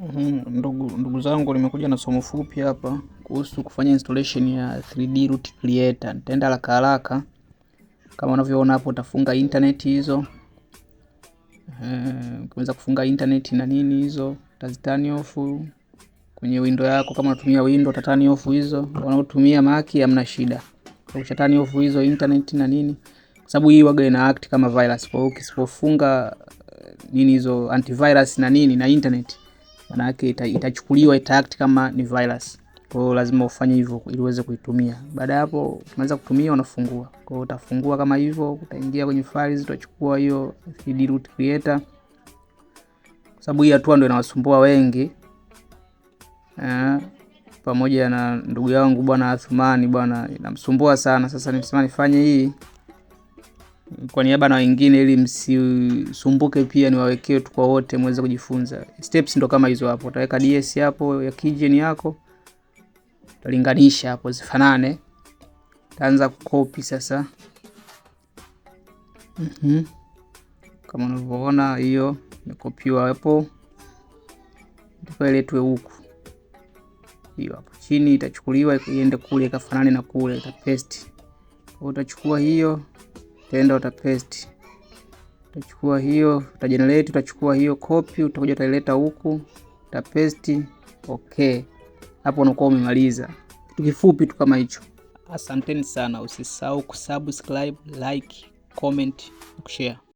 Mhm. Ndugu, ndugu zangu nimekuja na somo fupi hapa kuhusu kufanya installation ya 3D root creator. Nitaenda haraka haraka kama unavyoona hapo, utafunga internet hizo eh, ukiweza kufunga internet na nini hizo utaziturn off kwenye window yako. Kama unatumia window utaturn off hizo, Unaotumia Mac hamna shida, ukishaturn off hizo internet na nini, kwa sababu hii waga ina act kama virus. Kwa hiyo ukisipofunga eh, nini hizo antivirus na nini na internet Manake ita, itachukuliwa itaact kama ni virus. Kwa hiyo lazima ufanye hivyo ili uweze kuitumia. Baada hapo unaweza kutumia unafungua. Kwa hiyo utafungua kama hivyo, utaingia kwenye files, utachukua hiyo 3 root creator. Kwa sababu hii hatua ndio inawasumbua wengi. Eh, pamoja na ndugu yangu bwana Athumani bwana inamsumbua sana. Sasa nimesema nifanye hii kwa niaba na wengine, ili msisumbuke. Pia niwawekee tu kwa wote muweze kujifunza. Steps ndo kama hizo hapo, utaweka DS hapo ya kijeni yako, utalinganisha hapo zifanane, utaanza kukopi sasa. mm -hmm. Kama unavyoona hiyo imekopiwa hapo, ndipo huku. Hiyo hapo chini itachukuliwa iende kule, ikafanane na kule, itapaste. utachukua hiyo utaenda utapaste, utachukua hiyo generate, utachukua hiyo copy, utakuja utaileta huku utapaste. Okay, hapo unakuwa umemaliza kitu kifupi tu kama hicho. Asanteni sana, usisahau kusubscribe, like, comment na kushare.